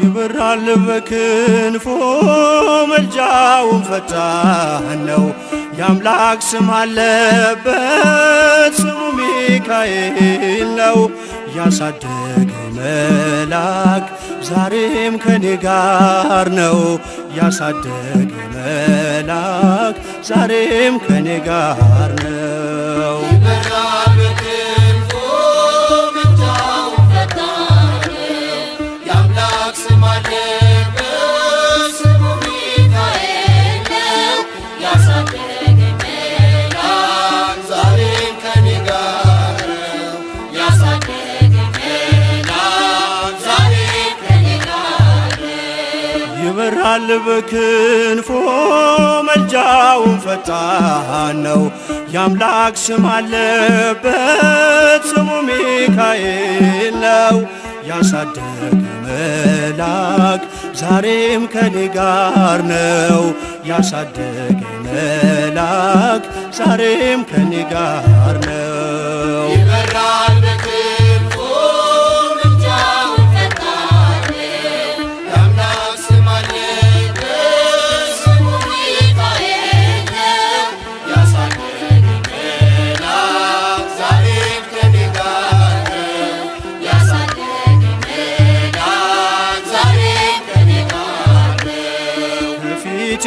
ይበራል በክንፎ መልጃውን ፈጣን ነው። የአምላክ ስም አለበት ስሙ ሚካኤል ነው። ያሳደገ መላክ ዛሬም ከኔ ጋር ነው። ያሳደገ መላክ ዛሬም ከኔ ጋር ነው። ይበራል በክንፎ መልጃውን ፈጣን ነው። የአምላክ ስም አለበት ስሙ ሚካኤል ነው። ያሳደገ መላክ ዛሬም ከኔ ጋር ነው። ያሳደገ መላክ ዛሬም ከኔ ጋር ነው።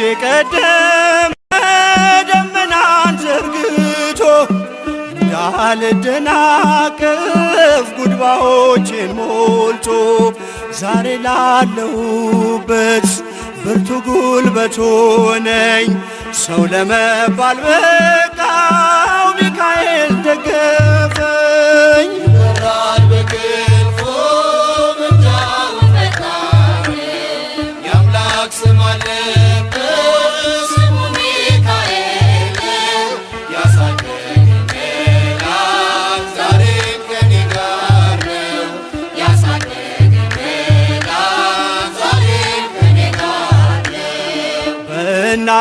ከፊት ቀደም ደመናን ዘርግቶ እንዳልደናቀፍ ጉድባዎችን ሞልቶ ዛሬ ላለሁበት ብርቱ ጉልበት ሆነኝ ሰው ለመባል በቃው ሚካኤል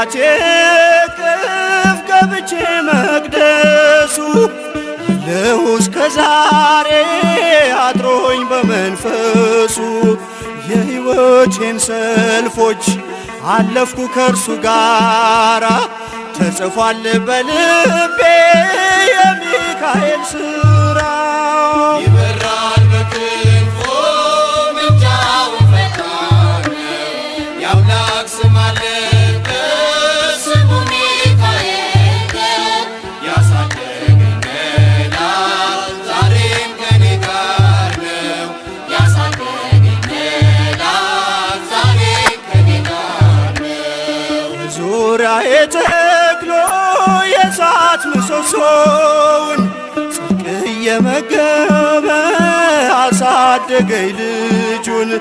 በእሳት ቅፍ ገብቼ መቅደሱ ልው እስከ ዛሬ አድሮኝ በመንፈሱ የሕይወቴን ሰልፎች አለፍኩ ከእርሱ ጋራ ተጽፏል በልቤ የሚካኤል ስ ሰውን ጽድቅ እየመገበ አሳደገኝ ልጁን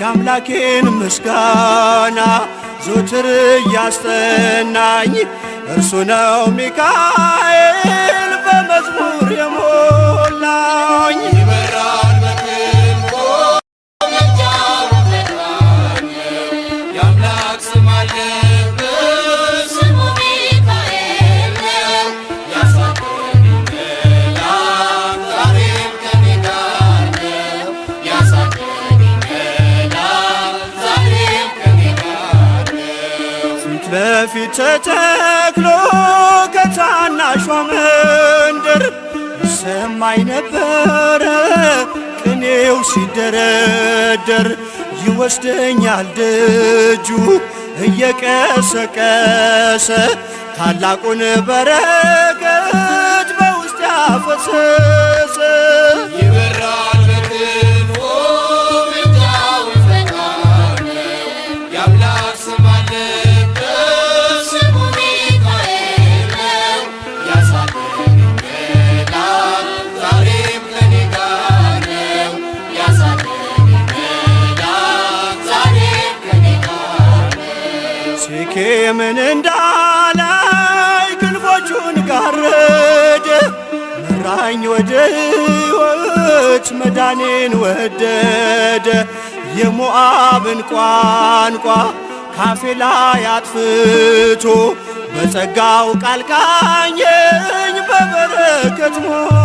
የአምላኬን ምስጋና ዞትር እያስጠናኝ እርሱ ነው ሚካኤል በመዝሙር የሞላኝ በፊት ተተክሎ ከታናሿ መንደር ሰማይ ነበረ ቅኔው ሲደረደር ይወስደኛል ደጁ እየቀሰቀሰ ታላቁን በረከት በውስጥ ያፈሰሰ ምን እንዳላይ ክንፎቹን ጋረደ መራኝ ወደ ሕይወት መዳኔን ወደደ የሞአብን ቋንቋ ካፌ ላይ አጥፍቶ በጸጋው ቃል በበረከት ሞ